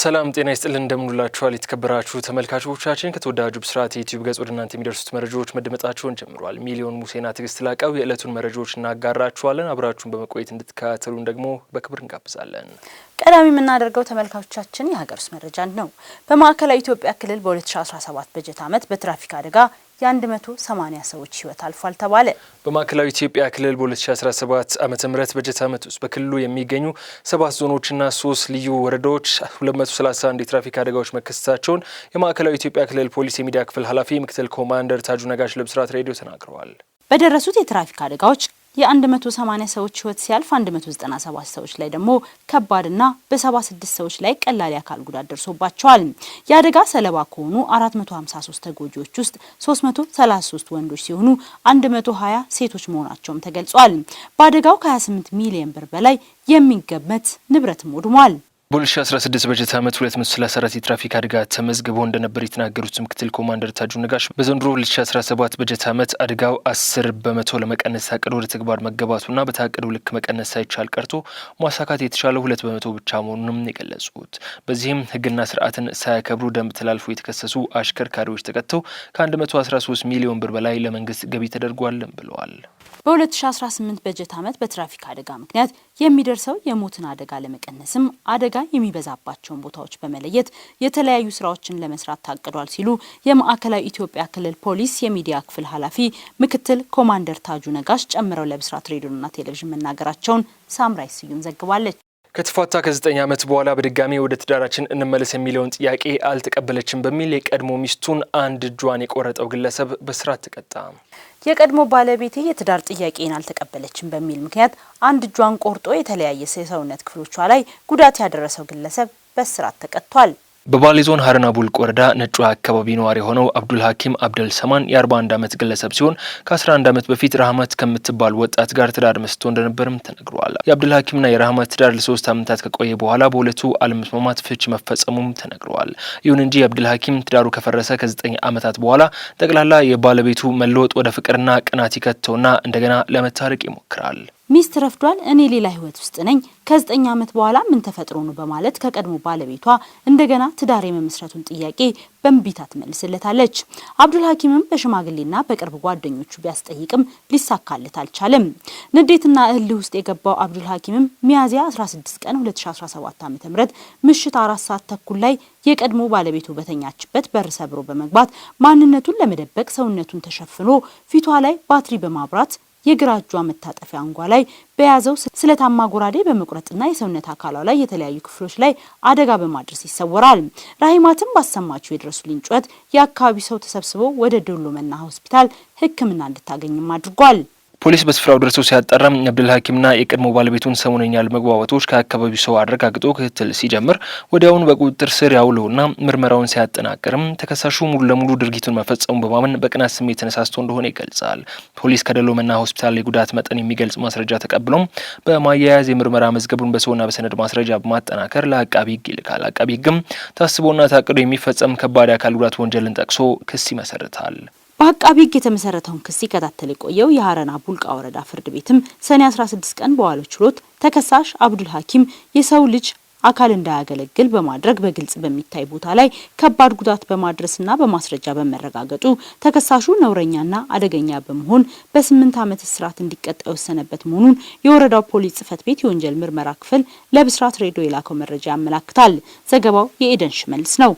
ሰላም ጤና ይስጥልን እንደምንላችኋል የተከበራችሁ ተመልካቾቻችን ከተወዳጁ ብስራት የዩቲዩብ ገጽ ወደ እናንተ የሚደርሱት መረጃዎች መደመጣቸውን ጀምሯል። ሚሊዮን ሙሴና ትዕግስት ላቀው የዕለቱን መረጃዎች እናጋራችኋለን። አብራችሁን በመቆየት እንድትከታተሉን ደግሞ በክብር እንጋብዛለን። ቀዳሚ የምናደርገው ተመልካቾቻችን የሀገር ውስጥ መረጃን ነው። በማዕከላዊ ኢትዮጵያ ክልል በ2017 በጀት ዓመት በትራፊክ አደጋ የ180 ሰዎች ህይወት አልፏል ተባለ። በማዕከላዊ ኢትዮጵያ ክልል በ2017 ዓ ም በጀት ዓመት ውስጥ በክልሉ የሚገኙ ሰባት ዞኖችና ሶስት ልዩ ወረዳዎች 231 የትራፊክ አደጋዎች መከሰታቸውን የማዕከላዊ ኢትዮጵያ ክልል ፖሊስ የሚዲያ ክፍል ኃላፊ ምክትል ኮማንደር ታጁ ነጋሽ ለብስራት ሬዲዮ ተናግረዋል። በደረሱት የትራፊክ አደጋዎች የ180 ሰዎች ህይወት ሲያልፍ 197 ሰዎች ላይ ደግሞ ከባድና በ76 ሰዎች ላይ ቀላል የአካል ጉዳት ደርሶባቸዋል። የአደጋ ሰለባ ከሆኑ 453 ተጎጂዎች ውስጥ 333 ወንዶች ሲሆኑ 120 ሴቶች መሆናቸውም ተገልጿል። በአደጋው ከ28 ሚሊዮን ብር በላይ የሚገመት ንብረትም ወድሟል። በ2016 በጀት ዓመት 234 የትራፊክ አደጋ ተመዝግቦ እንደነበር የተናገሩት ምክትል ኮማንደር ታጁ ነጋሽ በዘንድሮ 2017 በጀት ዓመት አደጋው 10 በመቶ ለመቀነስ ታቅዶ ወደ ተግባር መገባቱና በታቀደው ልክ መቀነስ ሳይቻል ቀርቶ ማሳካት የተቻለ ሁለት በመቶ ብቻ መሆኑንም የገለጹት በዚህም ሕግና ስርዓትን ሳያከብሩ ደንብ ተላልፎ የተከሰሱ አሽከርካሪዎች ተቀጥተው ከ113 ሚሊዮን ብር በላይ ለመንግስት ገቢ ተደርጓልም ብለዋል። በ2018 በጀት ዓመት በትራፊክ አደጋ ምክንያት የሚደርሰው የሞትን አደጋ ለመቀነስም አደጋ የሚበዛባቸውን ቦታዎች በመለየት የተለያዩ ስራዎችን ለመስራት ታቅዷል ሲሉ የማዕከላዊ ኢትዮጵያ ክልል ፖሊስ የሚዲያ ክፍል ኃላፊ ምክትል ኮማንደር ታጁ ነጋሽ ጨምረው ለብስራት ሬዲዮና ቴሌቪዥን መናገራቸውን ሳምራይ ስዩም ዘግባለች። ከተፋታ ከዘጠኝ ዓመት በኋላ በድጋሚ ወደ ትዳራችን እንመለስ የሚለውን ጥያቄ አልተቀበለችም በሚል የቀድሞ ሚስቱን አንድ እጇን የቆረጠው ግለሰብ በስራት ተቀጣ። የቀድሞ ባለቤቴ የትዳር ጥያቄን አልተቀበለችም በሚል ምክንያት አንድ እጇን ቆርጦ የተለያየ የሰውነት ክፍሎቿ ላይ ጉዳት ያደረሰው ግለሰብ በእስራት ተቀጥቷል። በባሌ ዞን ሀረና ቡልቅ ወረዳ ነጩ አካባቢ ነዋሪ የሆነው አብዱል ሀኪም አብደል ሰማን የ41 ዓመት ግለሰብ ሲሆን ከ11 ዓመት በፊት ረህመት ከምትባል ወጣት ጋር ትዳር መስቶ እንደነበርም ተነግሯል። የአብዱል ሀኪምና የረህመት ትዳር ለሶስት ዓመታት ከቆየ በኋላ በሁለቱ አለመስማማት ፍች መፈጸሙም ተነግረዋል። ይሁን እንጂ የአብዱል ሀኪም ትዳሩ ከፈረሰ ከ9 ዓመታት በኋላ ጠቅላላ የባለቤቱ መለወጥ ወደ ፍቅርና ቅናት ይከተውና እንደገና ለመታረቅ ይሞክራል። ሚስትር ረፍዷል፣ እኔ ሌላ ህይወት ውስጥ ነኝ፣ ከዘጠኝ ዓመት በኋላ ምን ተፈጥሮ ነው በማለት ከቀድሞ ባለቤቷ እንደገና ትዳር የመመስረቱን ጥያቄ በእንቢታ ትመልስለታለች። አብዱል ሀኪምም በሽማግሌና በቅርብ ጓደኞቹ ቢያስጠይቅም ሊሳካለት አልቻለም። ንዴትና እህል ውስጥ የገባው አብዱል ሀኪምም ሚያዝያ 16 ቀን 2017 ዓ ም ምሽት አራት ሰዓት ተኩል ላይ የቀድሞ ባለቤቱ በተኛችበት በር ሰብሮ በመግባት ማንነቱን ለመደበቅ ሰውነቱን ተሸፍኖ ፊቷ ላይ ባትሪ በማብራት የግራ እጇ መታጠፊያ አንጓ ላይ በያዘው ስለታማ ጉራዴ በመቁረጥና የሰውነት አካሏ ላይ የተለያዩ ክፍሎች ላይ አደጋ በማድረስ ይሰወራል። ራሂማትም ባሰማችው የድረሱልኝ ጩኸት የአካባቢ ሰው ተሰብስቦ ወደ ዶሎ መና ሆስፒታል ሕክምና እንድታገኝም አድርጓል። ፖሊስ በስፍራው ደርሰው ሲያጠራም አብደል ሀኪምና የቀድሞ ባለቤቱን ሰሞነኛ አለመግባባቶች ከአካባቢው ሰው አረጋግጦ ክትትል ሲጀምር ወዲያውን በቁጥጥር ስር ያውለውና ምርመራውን ሲያጠናቅርም ተከሳሹ ሙሉ ለሙሉ ድርጊቱን መፈጸሙን በማመን በቅናት ስሜት ተነሳስቶ እንደሆነ ይገልጻል። ፖሊስ ከደሎመና ሆስፒታል የጉዳት መጠን የሚገልጽ ማስረጃ ተቀብሎም በማያያዝ የምርመራ መዝገቡን በሰውና በሰነድ ማስረጃ በማጠናከር ለአቃቢ ህግ ይልካል። አቃቢ ህግም ታስቦና ታቅዶ የሚፈጸም ከባድ አካል ጉዳት ወንጀልን ጠቅሶ ክስ ይመሰርታል። በአቃቢ ሕግ የተመሰረተውን ክስ ሲከታተል የቆየው የሀረና ቡልቃ ወረዳ ፍርድ ቤትም ሰኔ 16 ቀን በዋለው ችሎት ተከሳሽ አብዱል ሀኪም የሰው ልጅ አካል እንዳያገለግል በማድረግ በግልጽ በሚታይ ቦታ ላይ ከባድ ጉዳት በማድረስና በማስረጃ በመረጋገጡ ተከሳሹ ነውረኛና አደገኛ በመሆን በስምንት ዓመት እስራት እንዲቀጣ የወሰነበት መሆኑን የወረዳው ፖሊስ ጽፈት ቤት የወንጀል ምርመራ ክፍል ለብስራት ሬዲዮ የላከው መረጃ ያመላክታል። ዘገባው የኤደን ሽመልስ ነው።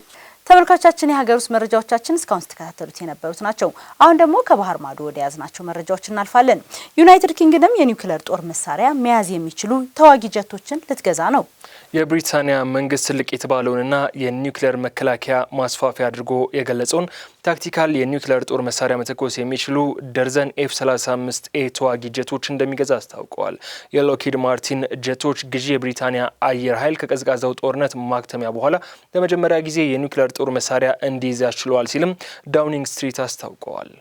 ተመልካቻችን የሀገር ውስጥ መረጃዎቻችን እስካሁን ስትከታተሉት የነበሩት ናቸው። አሁን ደግሞ ከባህር ማዶ ወደ ያዝናቸው መረጃዎች እናልፋለን። ዩናይትድ ኪንግደም የኒውክሌር ጦር መሳሪያ መያዝ የሚችሉ ተዋጊ ጀቶችን ልትገዛ ነው። የብሪታንያ መንግስት ትልቅ የተባለውንና የኒውክሌር መከላከያ ማስፋፊያ አድርጎ የገለጸውን ታክቲካል የኒውክሌር ጦር መሳሪያ መተኮስ የሚችሉ ደርዘን ኤፍ 35 ኤ ተዋጊ ጀቶች እንደሚገዛ አስታውቀዋል። የሎኪድ ማርቲን ጀቶች ግዢ የብሪታንያ አየር ኃይል ከቀዝቃዛው ጦርነት ማክተሚያ በኋላ ለመጀመሪያ ጊዜ የኒውክሌር ጦር መሳሪያ እንዲይዝ ያስችለዋል ሲልም ዳውኒንግ ስትሪት አስታውቀዋል።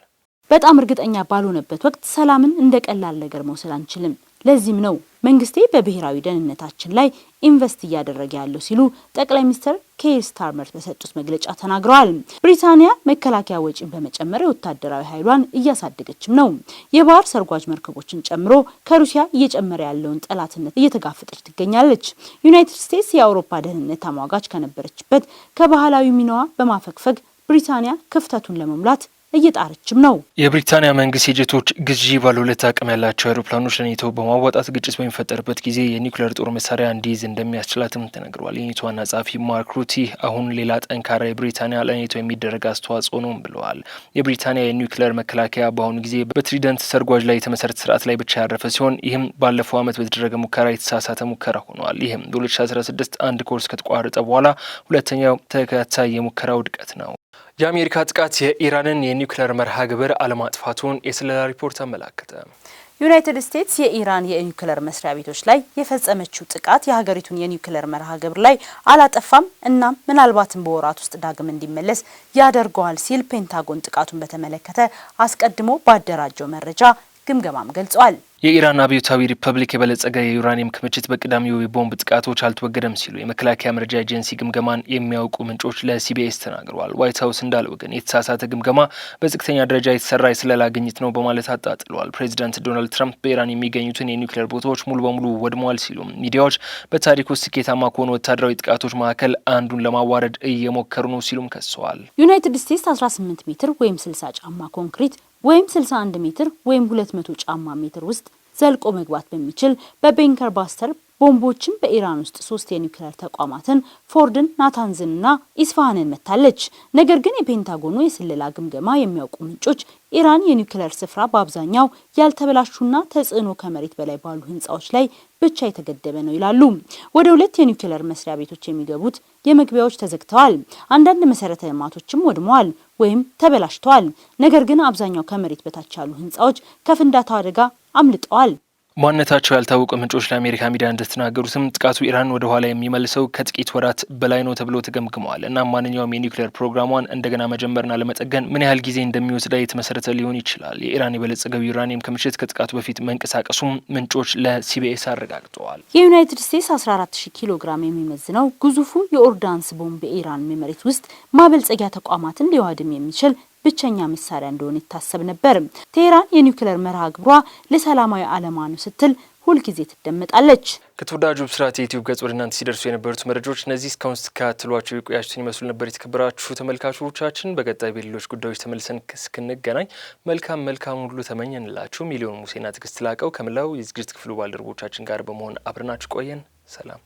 በጣም እርግጠኛ ባልሆነበት ወቅት ሰላምን እንደ ቀላል ነገር መውሰድ አንችልም። ለዚህም ነው መንግስቴ በብሔራዊ ደህንነታችን ላይ ኢንቨስት እያደረገ ያለው ሲሉ ጠቅላይ ሚኒስትር ኬር ስታርመር በሰጡት መግለጫ ተናግረዋል። ብሪታንያ መከላከያ ወጪን በመጨመር ወታደራዊ ኃይሏን እያሳደገችም ነው። የባህር ሰርጓጅ መርከቦችን ጨምሮ ከሩሲያ እየጨመረ ያለውን ጠላትነት እየተጋፈጠች ትገኛለች። ዩናይትድ ስቴትስ የአውሮፓ ደህንነት ተሟጋች ከነበረችበት ከባህላዊ ሚናዋ በማፈግፈግ ብሪታንያ ክፍተቱን ለመሙላት እየጣረችም ነው። የብሪታንያ መንግስት የጀቶች ግዢ ባለሁለት አቅም ያላቸው አውሮፕላኖች ለኔቶ በማዋጣት ግጭት በሚፈጠርበት ጊዜ የኒውክሌር ጦር መሳሪያ እንዲይዝ እንደሚያስችላትም ተነግሯል። የኔቶ ዋና ጸሐፊ ማርክ ሩቲ አሁን ሌላ ጠንካራ የብሪታንያ ለኔቶ የሚደረግ አስተዋጽኦ ነው ብለዋል። የብሪታንያ የኒውክሌር መከላከያ በአሁኑ ጊዜ በትሪደንት ሰርጓጅ ላይ የተመሰረተ ስርዓት ላይ ብቻ ያረፈ ሲሆን ይህም ባለፈው ዓመት በተደረገ ሙከራ የተሳሳተ ሙከራ ሆኗል። ይህም በ2016 አንድ ኮርስ ከተቋረጠ በኋላ ሁለተኛው ተከታታይ የሙከራ ውድቀት ነው። የአሜሪካ ጥቃት የኢራንን የኒውክሌር መርሃ ግብር አለማጥፋቱን የስለላ ሪፖርት አመላከተ። ዩናይትድ ስቴትስ የኢራን የኒውክሌር መስሪያ ቤቶች ላይ የፈጸመችው ጥቃት የሀገሪቱን የኒውክሌር መርሃ ግብር ላይ አላጠፋም እናም ምናልባትም በወራት ውስጥ ዳግም እንዲመለስ ያደርገዋል ሲል ፔንታጎን ጥቃቱን በተመለከተ አስቀድሞ ባደራጀው መረጃ ግምገማም ገልጿል። የኢራን አብዮታዊ ሪፐብሊክ የበለጸገ የዩራኒየም ክምችት በቅዳሜው የቦምብ ጥቃቶች አልተወገደም ሲሉ የመከላከያ መረጃ ኤጀንሲ ግምገማን የሚያውቁ ምንጮች ለሲቢኤስ ተናግረዋል። ዋይት ሀውስ እንዳለው ግን የተሳሳተ ግምገማ በዝቅተኛ ደረጃ የተሰራ የስለላ ግኝት ነው በማለት አጣጥለዋል። ፕሬዚዳንት ዶናልድ ትራምፕ በኢራን የሚገኙትን የኒውክሌር ቦታዎች ሙሉ በሙሉ ወድመዋል ሲሉ ሚዲያዎች በታሪክ ውስጥ ስኬታማ ከሆኑ ወታደራዊ ጥቃቶች መካከል አንዱን ለማዋረድ እየሞከሩ ነው ሲሉም ከሰዋል። ዩናይትድ ስቴትስ 18 ሜትር ወይም 60 ጫማ ኮንክሪት ወይም 61 ሜትር ወይም 200 ጫማ ሜትር ውስጥ ዘልቆ መግባት በሚችል በቤንከር ባስተር ቦምቦችን በኢራን ውስጥ ሶስት የኒውክሌር ተቋማትን ፎርድን፣ ናታንዝንና ኢስፋሃንን መታለች። ነገር ግን የፔንታጎኑ የስለላ ግምገማ የሚያውቁ ምንጮች ኢራን የኒውክሌር ስፍራ በአብዛኛው ያልተበላሹና ተጽዕኖ ከመሬት በላይ ባሉ ህንፃዎች ላይ ብቻ የተገደበ ነው ይላሉ። ወደ ሁለት የኒውክሌር መስሪያ ቤቶች የሚገቡት የመግቢያዎች ተዘግተዋል። አንዳንድ መሰረተ ልማቶችም ወድመዋል ወይም ተበላሽተዋል። ነገር ግን አብዛኛው ከመሬት በታች ያሉ ህንፃዎች ከፍንዳታው አደጋ አምልጠዋል። ማንነታቸው ያልታወቀ ምንጮች ለአሜሪካ ሚዲያ እንደተናገሩትም ጥቃቱ ኢራን ወደ ኋላ የሚመልሰው ከጥቂት ወራት በላይ ነው ተብሎ ተገምግመዋል እና ማንኛውም የኒውክሌር ፕሮግራሟን እንደገና መጀመርና ለመጠገን ምን ያህል ጊዜ እንደሚወስድ ላይ የተመሰረተ ሊሆን ይችላል። የኢራን የበለጸገው ዩራኒየም ክምችት ከጥቃቱ በፊት መንቀሳቀሱም ምንጮች ለሲቢኤስ አረጋግጠዋል። የዩናይትድ ስቴትስ 140 ኪሎ ግራም የሚመዝነው ግዙፉ የኦርዳንስ ቦምብ በኢራን መሬት ውስጥ ማበልጸጊያ ተቋማትን ሊዋድም የሚችል ብቸኛ መሳሪያ እንደሆነ ይታሰብ ነበር። ቴህራን የኒውክሌር መርሃ ግብሯ ለሰላማዊ ዓላማ ነው ስትል ሁልጊዜ ትደመጣለች። ከተወዳጁ ብስራት የዩቲዩብ ገጽ ወደ እናንተ ሲደርሱ የነበሩት መረጃዎች እነዚህ እስካሁን ስትከታተሏቸው የቆያችሁትን ይመስሉ ነበር። የተከበራችሁ ተመልካቾቻችን፣ በቀጣይ በሌሎች ጉዳዮች ተመልሰን እስክንገናኝ መልካም መልካም ሁሉ ተመኘንላችሁ። ሚሊዮን ሙሴና ትዕግስት ላቀው ከምላው የዝግጅት ክፍሉ ባልደረቦቻችን ጋር በመሆን አብረናችሁ ቆየን። ሰላም